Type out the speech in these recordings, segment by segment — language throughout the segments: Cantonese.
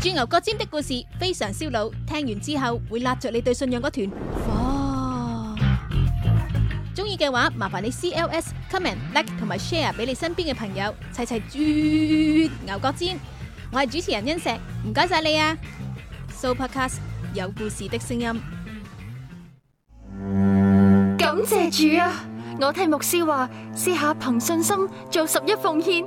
鑽牛角尖的故事非常燒腦，聽完之後會拉著你對信仰嗰團火。中意嘅話，麻煩你 C L S comment like 同埋 share 俾你身邊嘅朋友，齊齊鑽牛角尖。我係主持人恩石，唔該晒你啊！Sooopodcast 有故事的聲音，感謝主啊！我聽牧師話，試下憑信心做十一奉獻。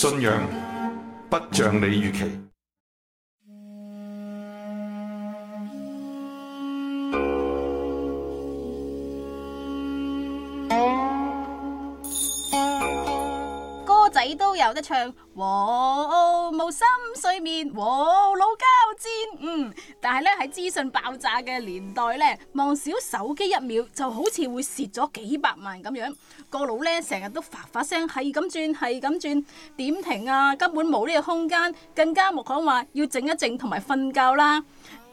信仰不像你預期。有得唱，哇、哦！無心睡眠，哇、哦！腦交戰，嗯。但係咧喺資訊爆炸嘅年代咧，望少手機一秒就好似會蝕咗幾百萬咁樣，個腦咧成日都發發聲，係咁轉，係咁轉，點停啊？根本冇呢個空間，更加莫講話要靜一靜同埋瞓覺啦。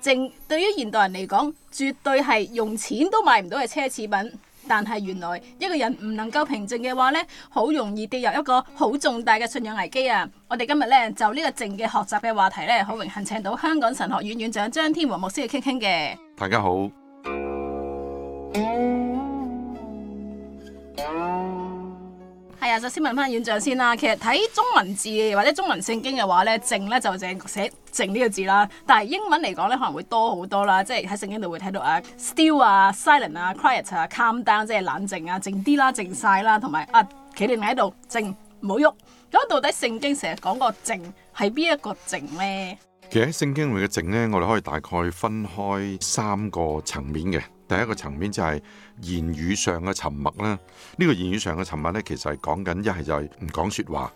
靜，對於現代人嚟講，絕對係用錢都買唔到嘅奢侈品。但係原來一個人唔能夠平靜嘅話咧，好容易跌入一個好重大嘅信仰危機啊！我哋今日咧，就呢個靜嘅學習嘅話題咧，好榮幸請到香港神學院院長張天和牧師去傾傾嘅。大家好。就先問翻院長先啦。其實睇中文字或者中文聖經嘅話咧，靜咧就淨寫靜呢個字啦。但係英文嚟講咧，可能會多好多啦。即係喺聖經度會睇到啊，still 啊，silent 啊，quiet 啊，calm down，即係冷靜啊，靜啲啦，靜晒啦，同埋啊，企定喺度靜冇喐。咁到底聖經成日講個靜係邊一個靜咧？其實喺聖經裏嘅靜咧，我哋可以大概分開三個層面嘅。第一個層面就係言語上嘅沉默啦，呢、這個言語上嘅沉默，其實係講緊一係就係唔講説話。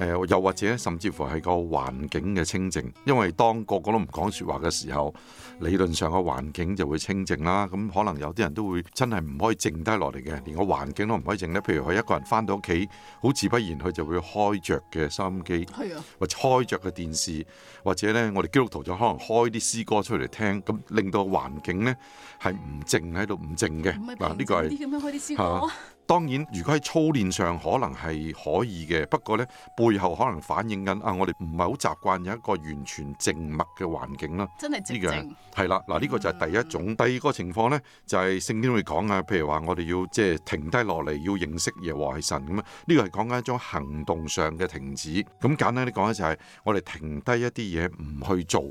誒，又或者甚至乎係個環境嘅清靜，因為當個個都唔講説話嘅時候，理論上個環境就會清靜啦。咁可能有啲人都會真係唔可以靜低落嚟嘅，連個環境都唔可以靜咧。譬如佢一個人返到屋企，好自然，佢就會開着嘅收音機，啊、或者開着嘅電視，或者呢，我哋基督徒就可能開啲詩歌出嚟聽，咁令到環境呢係唔靜喺度，唔靜嘅嗱，呢個係當然，如果喺操練上可能係可以嘅，不過呢，背後可能反映緊啊，我哋唔係好習慣有一個完全靜默嘅環境啦。真係靜靜，係啦，嗱呢、啊呢個就係第一種。嗯、第二個情況呢，就係、係、聖經會講啊，譬如話我哋要即係、就係、停低落嚟，要認識耶和華係神咁啊。呢個係講緊一種行動上嘅停止。咁簡單啲講咧就係、係，我哋停低一啲嘢唔去做。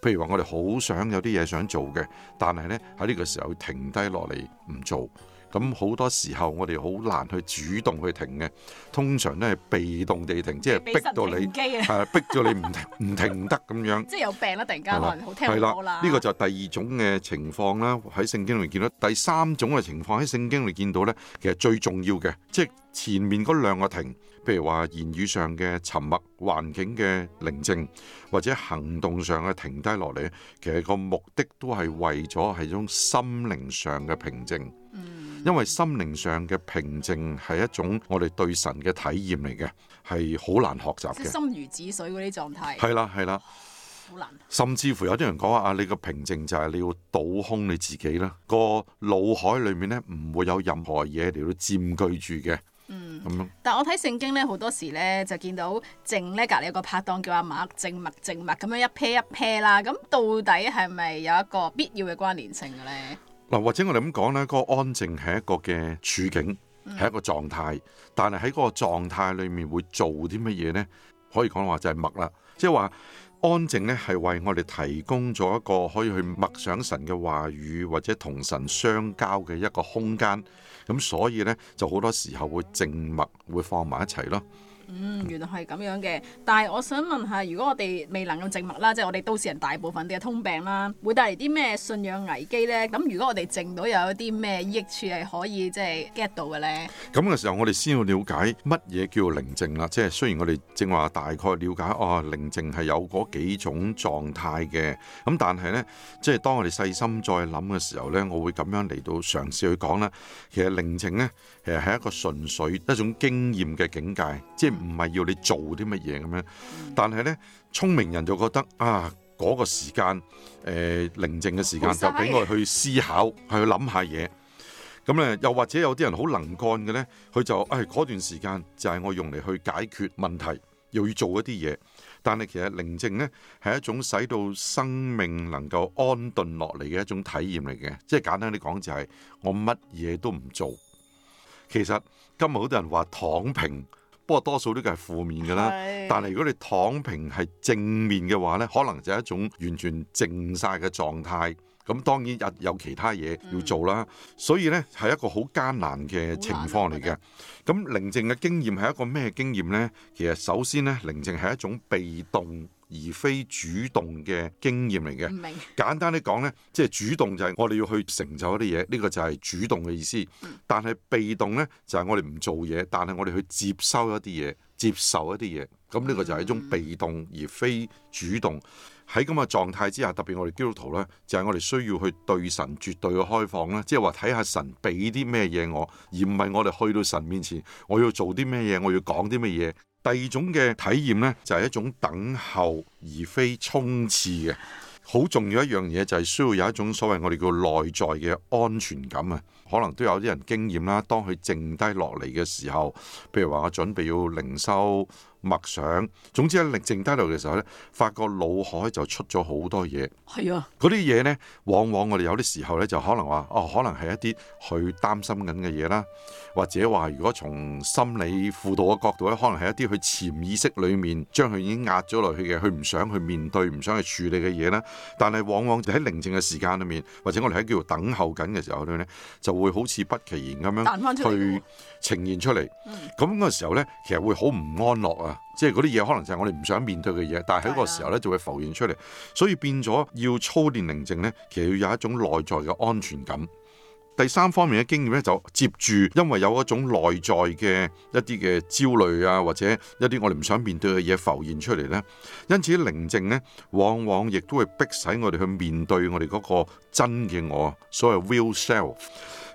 譬如話我哋好想有啲嘢想做嘅，但係呢，喺呢個時候停低落嚟唔做。咁好多時候，我哋好難去主動去停嘅。通常都係被動地停，即係逼到你誒，機 逼到你唔停，唔停唔得咁樣。即係有病啦！突然間好吧聽唔到啦。呢個就第二種嘅情況啦。喺聖經裏面見到第三種嘅情況。喺聖經裏見到咧，其實最重要嘅即係前面嗰兩個停，譬如話言語上嘅沉默、環境嘅寧靜或者行動上嘅停低落嚟。其實個目的都係為咗係種心靈上嘅平靜。因為心靈上嘅平靜係一種我哋對神嘅體驗嚟嘅，係好難學習嘅。即心如止水嗰啲狀態。係啦係啦，好、哦、難。甚至乎有啲人講話啊，你個平靜就係你要倒空你自己啦，個腦海裏面咧唔會有任何嘢，嚟到佔據住嘅。嗯，咁樣。但係我睇聖經咧，好多時咧就見到靜咧，隔籬有個拍檔叫阿麥，靜默靜默咁樣一 pair 一 pair 啦。咁到底係咪有一個必要嘅關聯性嘅咧？或者我哋咁講咧，嗰、那個安靜係一個嘅處境，係一個狀態，但係喺嗰個狀態裏面會做啲乜嘢呢？可以講話就係默啦，即係話安靜呢係為我哋提供咗一個可以去默想神嘅話語或者同神相交嘅一個空間，咁所以呢，就好多時候會靜默會放埋一齊咯。嗯，原來係咁樣嘅。但係我想問下，如果我哋未能咁靜默啦，即係我哋都市人大部分嘅通病啦，會帶嚟啲咩信仰危機呢？咁如果我哋靜到有一啲咩益處係可以即係 get 到嘅呢？咁嘅時候，我哋先要了解乜嘢叫做寧靜啦。即係雖然我哋正話大概了解哦，寧靜係有嗰幾種狀態嘅。咁但係呢，即係當我哋細心再諗嘅時候呢，我會咁樣嚟到嘗試去講啦。其實寧靜呢，其實係一個純粹一種經驗嘅境界，即係。唔係要你做啲乜嘢咁樣，但係呢，聰明人就覺得啊，嗰個時間誒，寧靜嘅時間就俾我去思考，去諗下嘢。咁、嗯、咧又或者有啲人好能幹嘅呢，佢就誒嗰、哎、段時間就係我用嚟去解決問題，又要做一啲嘢。但係其實寧靜呢，係一種使到生命能夠安頓落嚟嘅一種體驗嚟嘅，即係簡單啲講就係、是、我乜嘢都唔做。其實今日好多人話躺平。不過多數都係負面㗎啦，是但係如果你躺平係正面嘅話呢，可能就係一種完全靜晒嘅狀態。咁當然有其他嘢要做啦，嗯、所以呢係一個好艱難嘅情況嚟嘅。咁寧靜嘅經驗係一個咩經驗呢？其實首先呢，寧靜係一種被動。而非主動嘅經驗嚟嘅。簡單啲講呢，即係主動就係我哋要去成就一啲嘢，呢個就係主動嘅意思。但係被動呢，就係我哋唔做嘢，但係我哋去接收一啲嘢，接受一啲嘢。咁呢個就係一種被動，而非主動。喺咁嘅狀態之下，特別我哋基督徒呢，就係我哋需要去對神絕對嘅開放啦，即係話睇下神俾啲咩嘢我，而唔係我哋去到神面前，我要做啲咩嘢，我要講啲咩嘢。第二種嘅體驗呢，就係、是、一種等候，而非衝刺嘅。好重要一樣嘢就係、是、需要有一種所謂我哋叫內在嘅安全感啊。可能都有啲人經驗啦，當佢靜低落嚟嘅時候，譬如話我準備要零收。默想，總之喺寧靜低落嘅時候呢，發覺腦海就出咗好多嘢。係啊，嗰啲嘢呢，往往我哋有啲時候呢，就可能話哦，可能係一啲佢擔心緊嘅嘢啦，或者話如果從心理輔導嘅角度呢，可能係一啲佢潛意識裡面將佢已經壓咗落去嘅，佢唔想去面對、唔想去處理嘅嘢啦。但係往往就喺寧靜嘅時間裏面，或者我哋喺叫做等候緊嘅時候呢，就會好似不其然咁樣去呈現出嚟。嗯。咁個時候呢，其實會好唔安樂啊！即係嗰啲嘢，可能就係我哋唔想面對嘅嘢，但係喺個時候呢，就會浮現出嚟，所以變咗要操練寧靜呢，其實要有一種內在嘅安全感。第三方面嘅經驗呢，就接住因為有一種內在嘅一啲嘅焦慮啊，或者一啲我哋唔想面對嘅嘢浮現出嚟呢。因此寧靜呢，往往亦都會逼使我哋去面對我哋嗰個真嘅我，所謂 real self，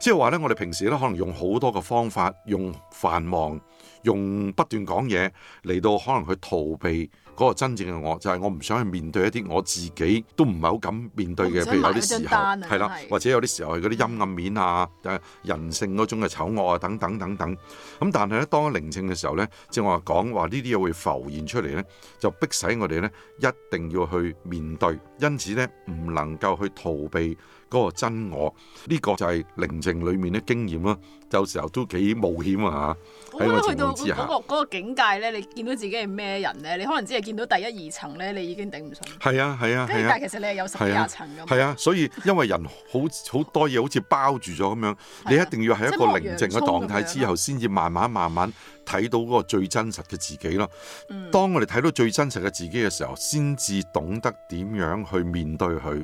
即係話呢，我哋平時呢，可能用好多嘅方法，用繁忙。用不斷講嘢嚟，到，可能去逃避嗰個真正嘅我，就係我唔想去面對一啲我自己都唔係好敢面對嘅，譬如有啲時候係啦，或者有啲時候係嗰啲陰暗面啊，誒人性嗰種嘅醜惡啊，等等等等。咁但係咧，當我寧靜嘅時候咧，即係我講話呢啲嘢會浮現出嚟咧，就逼使我哋咧一定要去面對，因此咧唔能夠去逃避。嗰個真我，呢、呢個就係寧靜裏面嘅經驗啦。有時候都幾冒險啊嚇！喺我程度之下，嗰、嗰個嗰個境界咧，你見到自己係咩人咧？你可能只係見到第一二層咧，你已經頂唔順。係啊係啊，跟住、啊啊、但係其實你係有十幾廿、啊、層咁。係啊，啊，所以因為人好好多嘢好似包住咗咁樣，啊、你一定要喺一個寧靜嘅狀態之後，先至、啊、慢慢慢慢睇到嗰個最真實嘅自己咯。嗯。當我哋睇到最真實嘅自己嘅時候，先至懂得點樣去面對佢。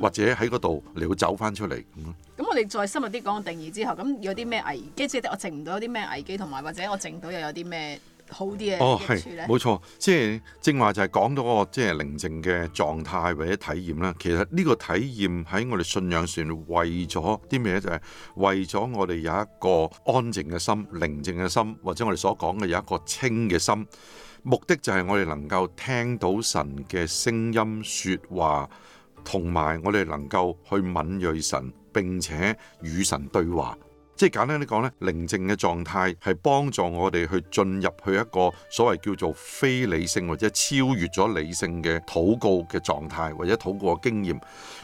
或者喺嗰度你會走翻出嚟咁、嗯、我哋再深入啲講個定義之後，咁有啲咩危機，即係我靜唔到有啲咩危機，同埋或者我靜到,到又有啲咩好啲嘅哦，係冇錯，即係正話就係講到、那個即係寧靜嘅狀態或者體驗啦。其實呢個體驗喺我哋信仰上為咗啲咩就係、是、為咗我哋有一個安靜嘅心、寧靜嘅心，或者我哋所講嘅有一個清嘅心，目的就係我哋能夠聽到神嘅聲音說話。同埋，我哋能夠去敏銳神，並且與神對話，即係簡單啲講呢，寧靜嘅狀態係幫助我哋去進入去一個所謂叫做非理性或者超越咗理性嘅禱告嘅狀態，或者禱告嘅經驗。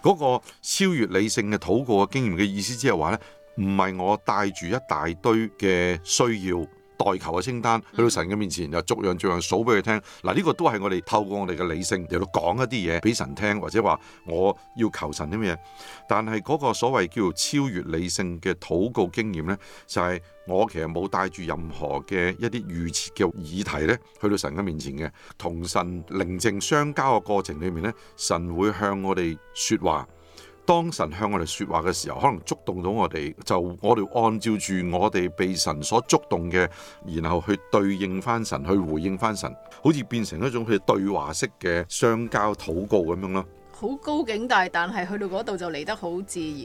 嗰、那個超越理性嘅禱告嘅經驗嘅意思，即係話呢，唔係我帶住一大堆嘅需要。代求嘅清單去到神嘅面前，又逐樣逐樣數俾佢聽。嗱、啊，呢、這個都係我哋透過我哋嘅理性嚟到講一啲嘢俾神聽，或者話我要求神啲咩嘢。但係嗰個所謂叫做超越理性嘅禱告經驗呢，就係、是、我其實冇帶住任何嘅一啲預設嘅議題呢，去到神嘅面前嘅同神寧靜相交嘅過程裏面呢，神會向我哋說話。當神向我哋說話嘅時候，可能觸動到我哋，就我哋按照住我哋被神所觸動嘅，然後去對應翻神，去回應翻神，好似變成一種佢對話式嘅相交禱告咁樣咯。好高境界，但係去到嗰度就嚟得好自然。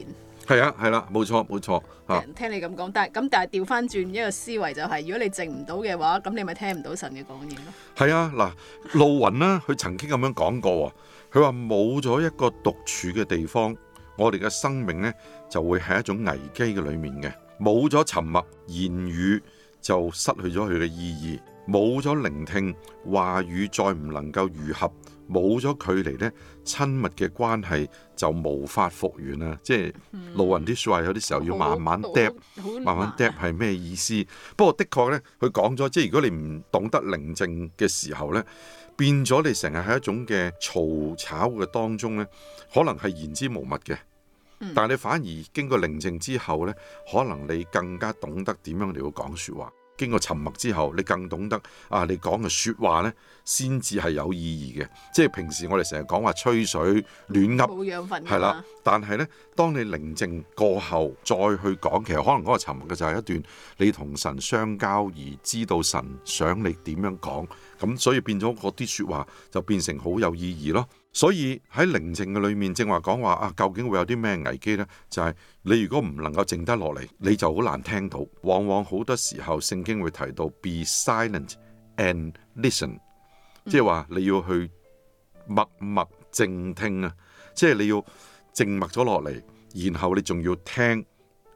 係啊，係啦、啊，冇錯、啊，冇錯嚇。錯錯啊、聽你咁講，但係咁，但係調翻轉一個思維就係、是，如果你靜唔到嘅話，咁你咪聽唔到神嘅講嘢咯。係啊，嗱，路雲呢、啊，佢曾經咁樣講過，佢話冇咗一個獨處嘅地方。我哋嘅生命呢，就會喺一種危機嘅裏面嘅，冇咗沉默，言語就失去咗佢嘅意義；冇咗聆聽，話語再唔能夠愈合；冇咗距離呢，親密嘅關係就無法復原啊！即係老人啲說話有啲時候要慢慢 d、嗯、慢慢 d 係咩意思？不過的確呢，佢講咗，即係如果你唔懂得寧靜嘅時候呢，變咗你成日喺一種嘅嘈吵嘅當中呢，可能係言之無物嘅。但係你反而經過寧靜之後呢，可能你更加懂得點樣嚟去講說話。經過沉默之後，你更懂得啊，你講嘅說話呢，先至係有意義嘅。即係平時我哋成日講話吹水、亂噏，係啦、啊。但係呢，當你寧靜過後再去講，其實可能嗰個沉默嘅就係一段你同神相交而知道神想你點樣講，咁所以變咗嗰啲說話就變成好有意義咯。所以喺寧靜嘅裏面，正話講話啊，究竟會有啲咩危機呢？就係、是、你如果唔能夠靜得落嚟，你就好難聽到。往往好多時候聖經會提到 be silent and listen，即係話你要去默默靜聽啊，即係你要靜默咗落嚟，然後你仲要聽。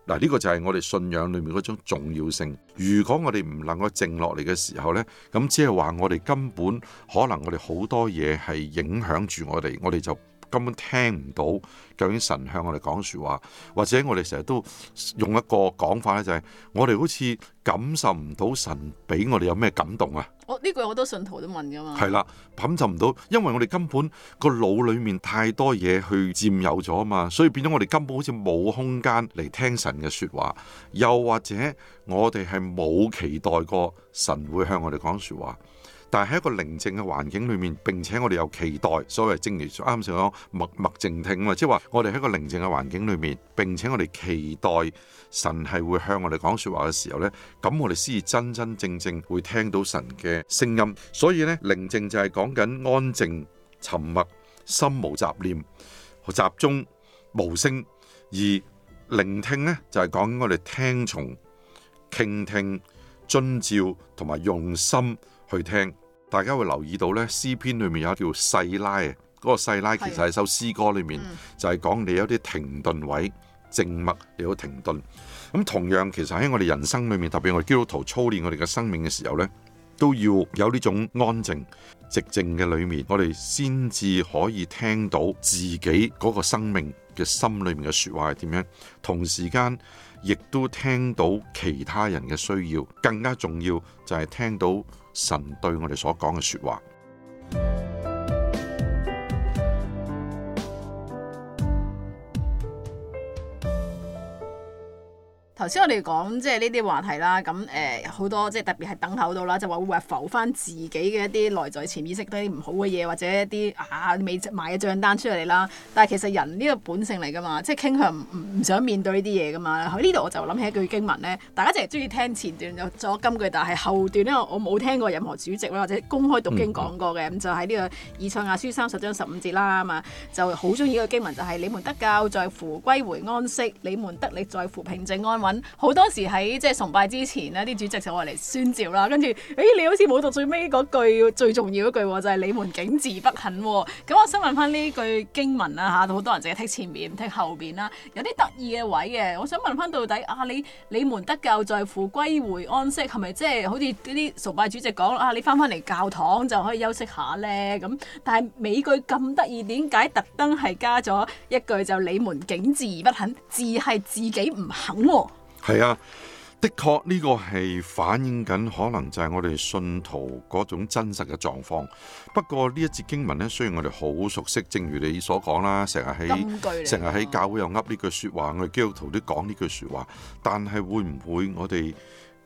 嗱，呢個就係我哋信仰裡面嗰種重要性。如果我哋唔能夠靜落嚟嘅時候呢，咁即係話我哋根本可能我哋好多嘢係影響住我哋，我哋就根本聽唔到究竟神向我哋講説話，或者我哋成日都用一個講法咧，就係我哋好似感受唔到神俾我哋有咩感動啊！我呢句我都信徒都問噶嘛，係啦，感受唔到，因為我哋根本個腦裡面太多嘢去佔有咗啊嘛，所以變咗我哋根本好似冇空間嚟聽神嘅説話，又或者我哋係冇期待過神會向我哋講説話。但係喺一個寧靜嘅環境裏面，並且我哋有期待，所謂正如啱先講默默靜聽啊，即係話我哋喺一個寧靜嘅環境裏面，並且我哋期待神係會向我哋講説話嘅時候咧，咁我哋先至真真正正會聽到神嘅聲音。所以咧，寧靜就係講緊安靜、沉默、心無雜念、集中、無聲，而聆聽咧就係講緊我哋聽從、傾聽、遵照同埋用心去聽。大家會留意到呢，詩篇裏面有一叫細拉嘅，嗰、那個細拉其實係首詩歌裏面，嗯、就係講你有啲停頓位、靜默，你有停頓。咁同樣，其實喺我哋人生裏面，特別我哋基督徒操練我哋嘅生命嘅時候呢，都要有呢種安靜、寂靜嘅裏面，我哋先至可以聽到自己嗰個生命嘅心裏面嘅説話係點樣，同時間。亦都聽到其他人嘅需要，更加重要就係聽到神對我哋所講嘅說話。頭先我哋講即係呢啲話題啦，咁誒好多即係特別係等口到啦，就話會話浮翻自己嘅一啲內在潛意識啲唔好嘅嘢，或者一啲啊未買嘅賬單出嚟啦。但係其實人呢個本性嚟㗎嘛，即係傾向唔想面對呢啲嘢㗎嘛。喺呢度我就諗起一句經文咧，大家淨係中意聽前段有咗金句，但係後段呢，我冇聽過任何主席或者公開讀經講過嘅，咁、嗯、就喺呢個以賽亞書三十章十五節啦，咁就好中意嘅經文就係、是：你們得救，在乎歸回安息，你們得力在乎平靜安穩。好多時喺即係崇拜之前咧，啲主席就過嚟宣召啦，跟住誒，你好似冇讀最尾嗰句最重要嗰句，就係你們竟自不肯。咁我想問翻呢句經文啦吓，好多人淨係聽前面，唔聽後邊啦，有啲得意嘅位嘅。我想問翻到底啊，你你們得救在乎歸回安息，係咪即係好似嗰啲崇拜主席講啊，你翻翻嚟教堂就可以休息下呢？咁、嗯，但係尾句咁得意，點解特登係加咗一句就你們竟自不肯？自係自己唔肯。係啊，的確呢個係反映緊可能就係我哋信徒嗰種真實嘅狀況。不過呢一節經文呢，雖然我哋好熟悉，正如你所講啦，成日喺成日喺教會又噏呢句說話，我哋基督徒都講呢句說話，但係會唔會我哋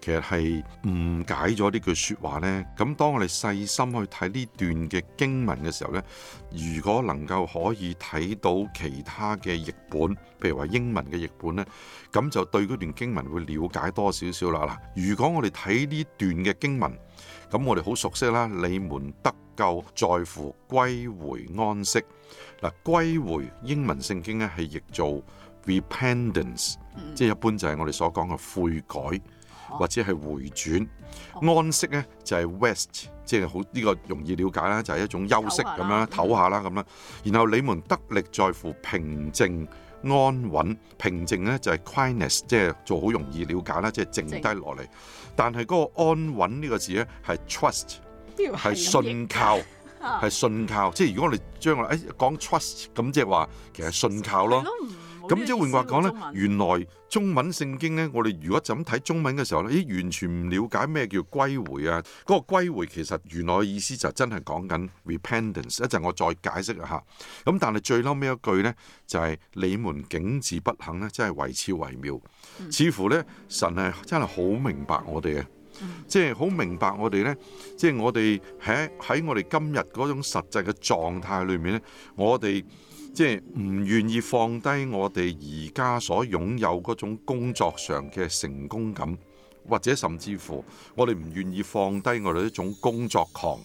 其實係誤解咗呢句説話呢。咁當我哋細心去睇呢段嘅經文嘅時候呢，如果能夠可以睇到其他嘅譯本，譬如話英文嘅譯本呢，咁就對嗰段經文會了解多少少啦。嗱，如果我哋睇呢段嘅經文，咁我哋好熟悉啦。你們得救在乎歸回安息。嗱，歸回英文聖經呢係譯做 repentance，即係一般就係我哋所講嘅悔改。或者係回轉，oh. 安息咧就係、是、rest 即係好呢個容易了解啦，就係、是、一種休息咁啦，唞下啦咁啦。嗯、然後你們得力在乎平靜安穩，平靜咧就係、是、quietness，即係做好容易了解啦，即係靜低落嚟。正但係嗰個安穩呢個字咧係 trust，係信靠，係信靠。即係如果我哋將來誒、哎、講 trust，咁即係話其實信靠咯。 咁即係換句話講咧，原來中文聖經呢，我哋如果就咁睇中文嘅時候呢，咦，完全唔了解咩叫歸回啊？嗰、那個歸回其實原來意思就真係講緊 repentance，一陣我再解釋下。咁但係最嬲尾一句呢，就係、是、你們竟自不肯呢真係維肖維妙，嗯、似乎呢神係真係好明白我哋啊，嗯、即係好明白我哋呢，即係我哋喺喺我哋今日嗰種實際嘅狀態裏面呢，我哋。即係唔願意放低我哋而家所擁有嗰種工作上嘅成功感，或者甚至乎我哋唔願意放低我哋一種工作狂，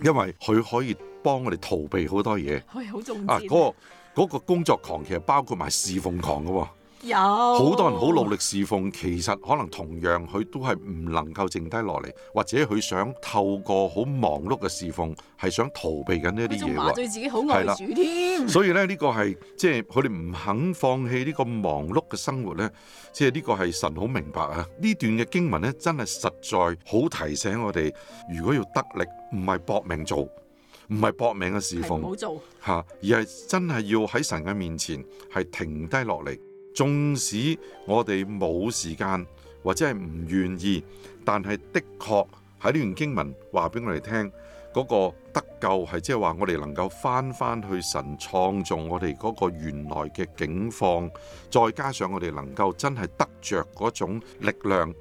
因為佢可以幫我哋逃避好多嘢。係好重要啊！嗰、嗰個嗰個工作狂其實包括埋侍奉狂㗎喎。有好多人好努力侍奉，其實可能同樣佢都係唔能夠靜低落嚟，或者佢想透過好忙碌嘅侍奉係想逃避緊呢一啲嘢，對自己係啦，的 所以咧呢、呢個係即係佢哋唔肯放棄呢個忙碌嘅生活咧，即係呢個係神好明白啊。呢段嘅經文咧，真係實在好提醒我哋，如果要得力，唔係搏命做，唔係搏命嘅侍奉，唔好做吓、啊，而係真係要喺神嘅面前係停低落嚟。縱使我哋冇時間或者係唔願意，但係的確喺呢段經文話俾我哋聽，嗰個得救係即係話我哋能夠翻翻去神創造我哋嗰個原來嘅境況，再加上我哋能夠真係得著嗰種力量，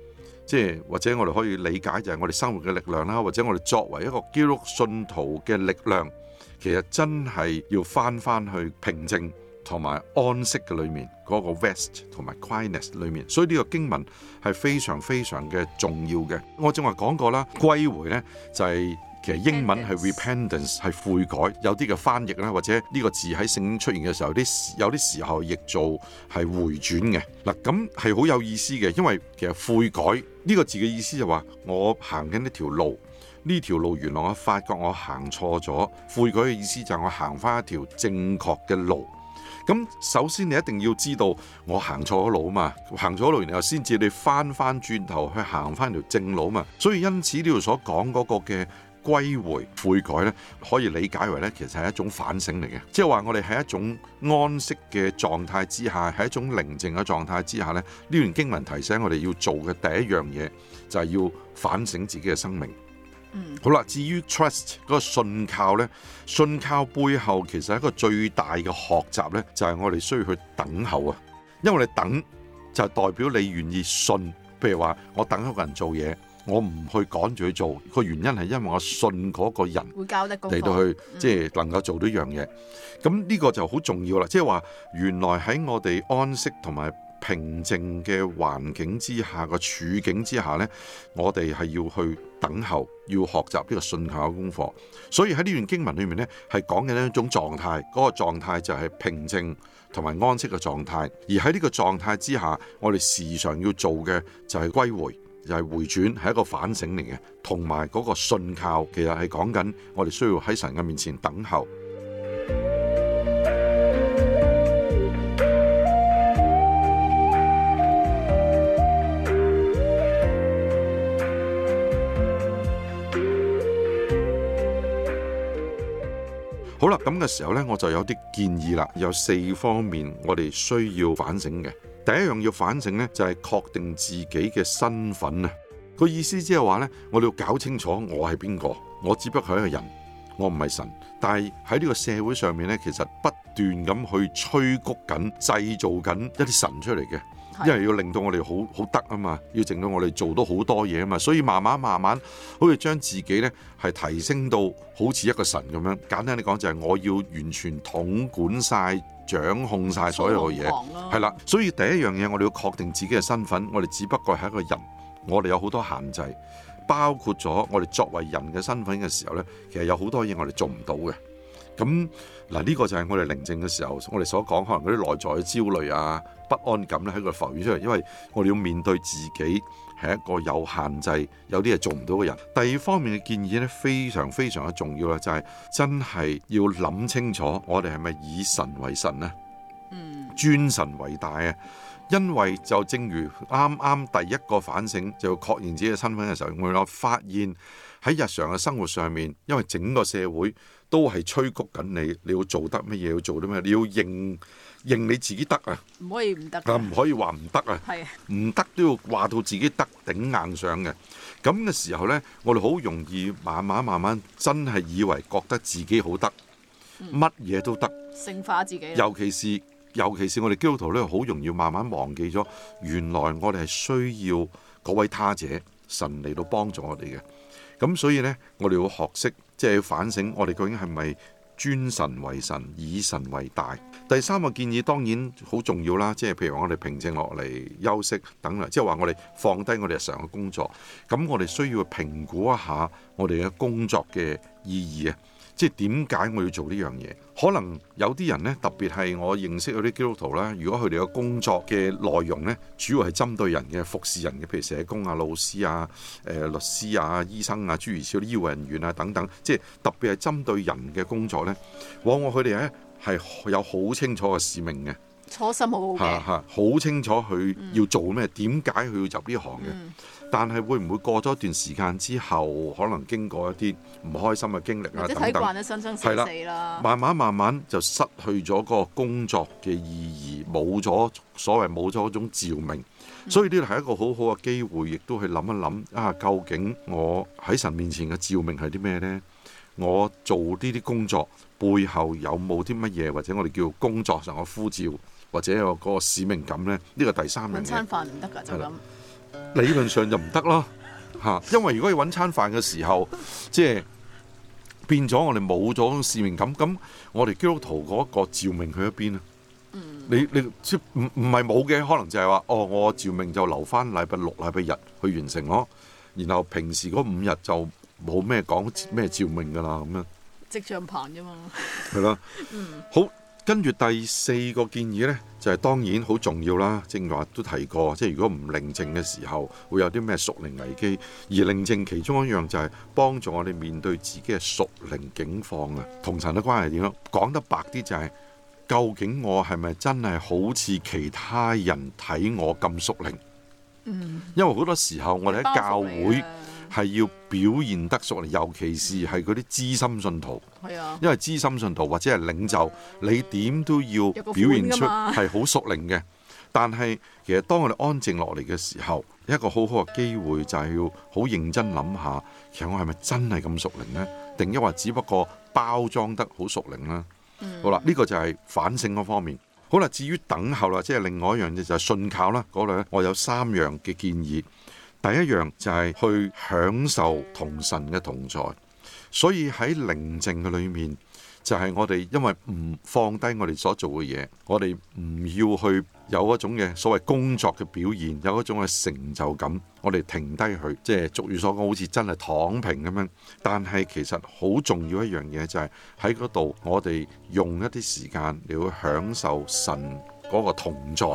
即係或者我哋可以理解就係我哋生活嘅力量啦，或者我哋作為一個基督信徒嘅力量，其實真係要翻翻去平靜。同埋安息嘅裏面嗰、那個 vest 同埋 quietness 裏面，所以呢個經文係非常非常嘅重要嘅。我正話講過啦，歸回呢就係、是、其實英文係 repentance 係悔改，有啲嘅翻譯咧，或者呢個字喺聖經出現嘅時候，啲有啲時候譯做係回轉嘅嗱。咁係好有意思嘅，因為其實悔改呢、這個字嘅意思就話我行緊呢條路，呢條路原來我發覺我行錯咗，悔改嘅意思就係我行翻一條正確嘅路。咁首先你一定要知道我行錯咗路啊嘛，行錯咗路，然後先至你翻翻轉頭去行翻條正路啊嘛，所以因此呢度所講嗰個嘅歸回悔改咧，可以理解為咧，其實係一種反省嚟嘅。即係話我哋喺一種安息嘅狀態之下，喺一種寧靜嘅狀態之下咧，呢段經文提醒我哋要做嘅第一樣嘢就係要反省自己嘅生命。嗯、好啦，至於 trust 嗰個信靠咧，信靠背後其實係一個最大嘅學習咧，就係、是、我哋需要去等候啊，因為你等就代表你願意信。譬如話，我等一個人做嘢，我唔去趕住去做，個原因係因為我信嗰個人，會交得功嚟到去即係、就是、能夠做到樣嘢，咁呢、嗯、個就好重要啦。即係話，原來喺我哋安息同埋。平靜嘅環境之下，個處境之下呢，我哋係要去等候，要學習呢個信靠嘅功課。所以喺呢段經文裏面呢係講嘅呢一種狀態，嗰個狀態就係平靜同埋安息嘅狀態。而喺呢個狀態之下，我哋時常要做嘅就係歸回，就係回轉，係一個反省嚟嘅，同埋嗰個信靠，其實係講緊我哋需要喺神嘅面前等候。好啦，咁嘅時候呢，我就有啲建議啦，有四方面我哋需要反省嘅。第一樣要反省呢，就係確定自己嘅身份啊。個意思即係話呢，我哋要搞清楚我係邊個，我只不過係一個人，我唔係神。但係喺呢個社會上面呢，其實不斷咁去吹谷緊、製造緊一啲神出嚟嘅。因為要令到我哋好好得啊嘛，要令到我哋做到好多嘢啊嘛，所以慢慢慢慢，好似將自己呢係提升到好似一個神咁樣。簡單啲講就係我要完全統管晒、掌控晒所有嘢，係啦、啊。所以第一樣嘢我哋要確定自己嘅身份，我哋只不過係一個人，我哋有好多限制，包括咗我哋作為人嘅身份嘅時候呢，其實有好多嘢我哋做唔到嘅。咁嗱，呢個就係我哋寧靜嘅時候，我哋所講可能嗰啲內在嘅焦慮啊、不安感咧，喺度浮現出嚟。因為我哋要面對自己係一個有限制，有啲嘢做唔到嘅人。第二方面嘅建議咧，非常非常嘅重要啊，就係真係要諗清楚，我哋係咪以神為神呢，嗯，尊神為大啊！因為就正如啱啱第一個反省就確認自己嘅身份嘅時候，我哋又發現喺日常嘅生活上面，因為整個社會。都係催谷緊你，你要做得乜嘢？要做啲咩？你要認認你自己得啊！唔可以唔得㗎。唔可以話唔得啊！係。唔得都要話到自己得頂硬上嘅。咁嘅時候呢，我哋好容易慢慢慢慢真係以為覺得自己好得，乜嘢、嗯、都得。聖化自己。尤其是，尤其是我哋基督徒呢，好容易慢慢忘記咗原來我哋係需要嗰位他者神嚟到幫助我哋嘅。咁所以呢，我哋要學識。即係反省，我哋究竟係咪尊神為神，以神為大？第三個建議當然好重要啦，即係譬如我哋平靜落嚟休息等啦，即係話我哋放低我哋日常嘅工作，咁我哋需要評估一下我哋嘅工作嘅意義啊。即係點解我要做呢樣嘢？可能有啲人呢，特別係我認識嗰啲基督徒啦。如果佢哋嘅工作嘅內容呢，主要係針對人嘅服侍人嘅，譬如社工啊、老師啊、誒、呃、律師啊、醫生啊諸如此類，醫護人員啊等等，即係特別係針對人嘅工作呢。往往佢哋咧係有好清楚嘅使命嘅，初心好好嘅，係係好清楚佢要做咩，點解佢要入呢行嘅。嗯但係會唔會過咗一段時間之後，可能經過一啲唔開心嘅經歷啊，或者睇慣等等。係啦，慢慢慢慢就失去咗個工作嘅意義，冇咗所謂冇咗一種召命。嗯、所以呢，係一個好好嘅機會，亦都去諗一諗啊，究竟我喺神面前嘅召命係啲咩呢？我做呢啲工作背後有冇啲乜嘢，或者我哋叫工作上嘅呼召，或者有嗰個使命感呢？呢個第三樣。揾餐飯唔得㗎，就咁。理論上就唔得啦，吓，因為如果要搵餐飯嘅時候，即係變咗我哋冇咗使命感，咁我哋基督徒嗰個召命去咗邊啊？嗯，你你即唔唔係冇嘅，可能就係話哦，我召命就留翻禮拜六、禮拜日去完成咯，然後平時嗰五日就冇咩講咩召命噶啦咁樣，即像棚啫嘛，係啦的，嗯，好。跟住第四個建議呢，就係、是、當然好重要啦。正話都提過，即係如果唔寧靜嘅時候，會有啲咩屬靈危機。而寧靜其中一樣就係幫助我哋面對自己嘅屬靈境況啊。同神嘅關係點樣？講得白啲就係、是，究竟我係咪真係好似其他人睇我咁屬靈？嗯、因為好多時候我哋喺教會，係要表現得熟靈，尤其是係嗰啲資深信徒，啊、因為資深信徒或者係領袖，你點都要表現出係好熟靈嘅。但係其實當我哋安靜落嚟嘅時候，一個好好嘅機會就係要好認真諗下，其實我係咪真係咁熟靈呢？定抑或只不過包裝得好熟靈呢？好啦，呢、呢個就係反省嗰方面。好啦，至於等候啦，即係另外一樣嘢就係信靠啦嗰度呢。我有三樣嘅建議。第一樣就係去享受同神嘅同在，所以喺寧靜嘅裏面，就係我哋因為唔放低我哋所做嘅嘢，我哋唔要去有一種嘅所謂工作嘅表現，有一種嘅成就感，我哋停低佢，即係俗語所講好似真係躺平咁樣。但係其實好重要一樣嘢就係喺嗰度，我哋用一啲時間嚟去享受神嗰個同在。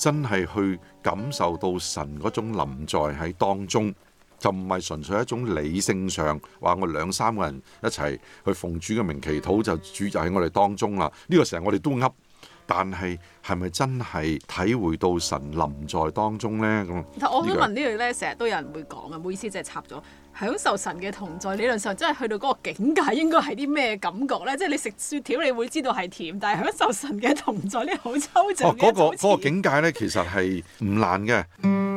真係去感受到神嗰種臨在喺當中，就唔係純粹一種理性上話我兩三個人一齊去奉主嘅名祈禱，就主就喺我哋當中啦。呢個成日我哋都噏，但係係咪真係體會到神臨在當中呢？咁，但係我想問呢樣咧，成日都有人會講嘅，唔好意思，即係插咗。享受神嘅同在，理論上真係去到嗰個境界，應該係啲咩感覺呢？即係你食雪條，你會知道係甜，但係享受神嘅同在咧，好抽象哦嗰、哦嗰個嗰個境界呢，其實係唔難嘅。 嗯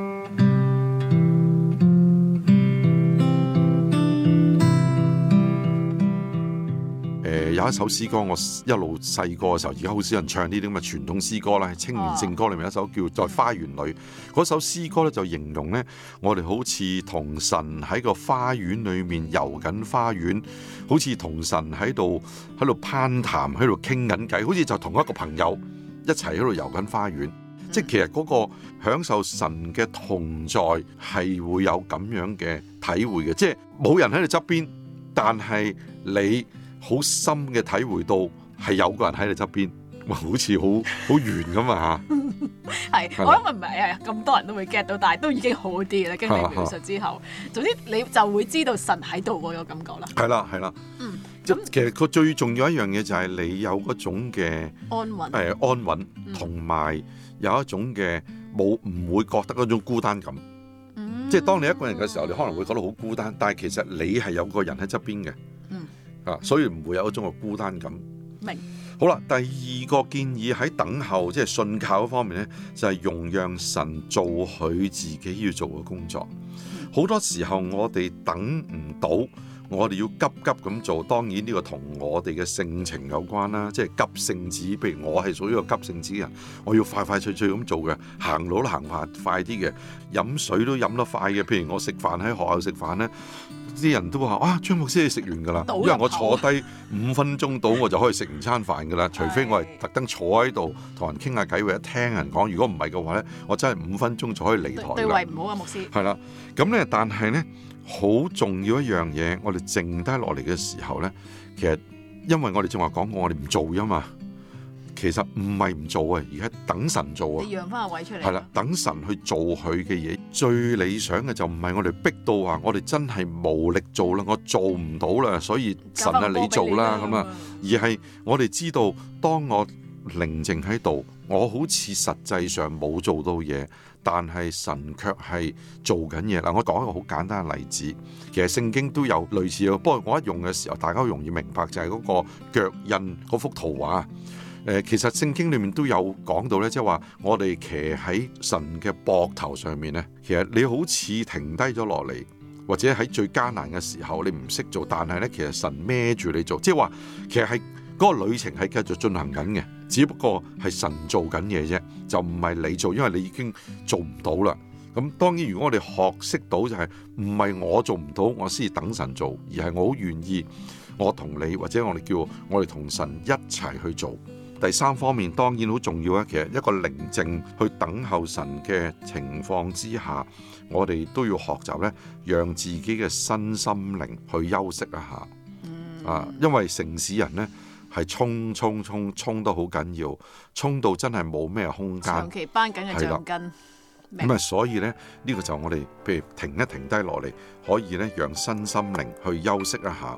有一首詩歌，我一路細個嘅時候，而家好少人唱呢啲咁嘅傳統詩歌啦。青年聖歌裏面有一首叫《在花園裏》，嗰首詩歌咧就形容呢，我哋好似同神喺個花園裏面遊緊花園，好似同神喺度喺度攀談，喺度傾緊偈，好似就同一個朋友一齊喺度遊緊花園。嗯、即係其實嗰個享受神嘅同在係會有咁樣嘅體會嘅，即係冇人喺你側邊，但係你。好深嘅體會到係有個人喺你側邊，哇！好似好好圓咁啊嚇，係 是的我諗唔係係咁多人都會 get 到，但係都已經好啲啦。跟住你描述之後，總之你就會知道神喺度個感覺啦。係啦，係啦。咁其實佢最重要一樣嘢就係你有嗰種嘅安穩穩，誒、呃、安穩，同埋、嗯、有，有一種嘅冇唔會覺得嗰種孤單感。嗯嗯、即係當你一個人嘅時候，你可能會覺得好孤單，但係其實你係有個人喺側邊嘅。啊，所以唔會有一種嘅孤單感。明白。好啦，第二個建議喺等候即係信靠嗰方面咧，就係容讓神做佢自己要做嘅工作。好多時候我哋等唔到，我哋要急急咁做。當然呢個同我哋嘅性情有關啦，即係急性子。譬如我係屬於一個急性子嘅人，我要快快脆脆咁做嘅，行路都行快快啲嘅，飲水都飲得快嘅。譬如我食飯喺學校食飯咧。啲人都話：啊，張牧師你食完㗎啦，因為我坐低五分鐘到，我就可以食完餐飯㗎啦。 除非我係特登坐喺度同人傾下偈，或者聽人講。如果唔係嘅話咧，我真係五分鐘就可以離台㗎。對胃唔好啊，牧師。係啦，咁咧，但係咧，好重要一樣嘢，我哋剩低落嚟嘅時候咧，其實因為我哋正話講過，我哋唔做啊嘛。其實唔係唔做啊，而係等神做啊。你讓翻個位出嚟。係啦，等神去做佢嘅嘢。最理想嘅就唔係我哋逼到話，我哋真係無力做啦，我做唔到啦，所以神啊你做啦咁啊。而係我哋知道，當我寧靜喺度，我好似實際上冇做到嘢，但係神卻係做緊嘢。嗱，我講一個好簡單嘅例子，其實聖經都有類似嘅，不過我一用嘅時候，大家容易明白，就係嗰個腳印嗰幅圖畫啊。誒，其實聖經裏面都有講到咧，即係話我哋騎喺神嘅膊頭上面咧。其實你好似停低咗落嚟，或者喺最艱難嘅時候，你唔識做，但係咧其實神孭住你做，即係話其實係嗰個旅程係繼續進行緊嘅，只不過係神做緊嘢啫，就唔係你做，因為你已經做唔到啦。咁當然，如果我哋學識到就係唔係我做唔到，我先等神做，而係我好願意，我同你或者我哋叫我哋同神一齊去做。第三方面當然好重要啊！其實一個寧靜去等候神嘅情況之下，我哋都要學習咧，讓自己嘅身心靈去休息一下。嗯、啊，因為城市人咧係衝衝衝衝得好緊要，衝到真係冇咩空間。長期扳緊嘅橡筋。咁啊的，白所以呢，呢、呢個就我哋譬如停一停低落嚟，可以呢，讓身心靈去休息一下。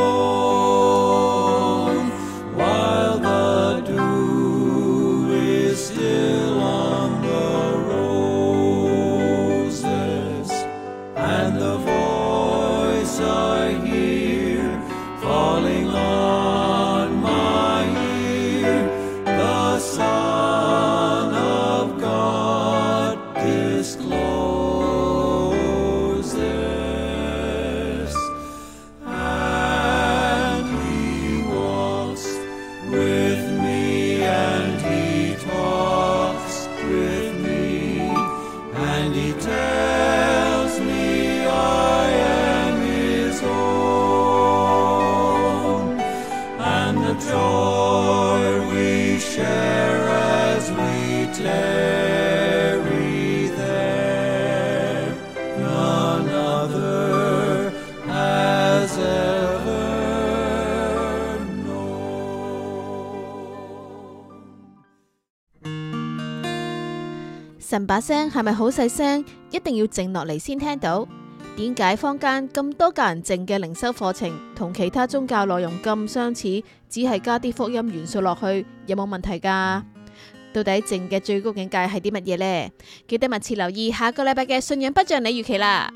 把聲係咪好細聲？一定要靜落嚟，先聽到。點解坊間咁多教人靜嘅靈修課程，同其他宗教內容咁相似，只係加啲福音元素落去，有冇問題噶？到底靜嘅最高境界係啲乜嘢呢？記得密切留意下個禮拜嘅信仰不像你預期啦。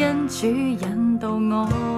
因主引導我。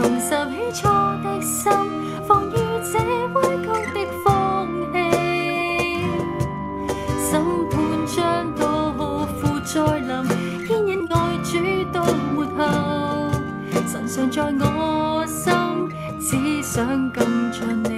重拾起初的心，防御的放於這危急的風氣。審判將到，父再臨，牽引愛主到末後，神常在我心，只想更像你。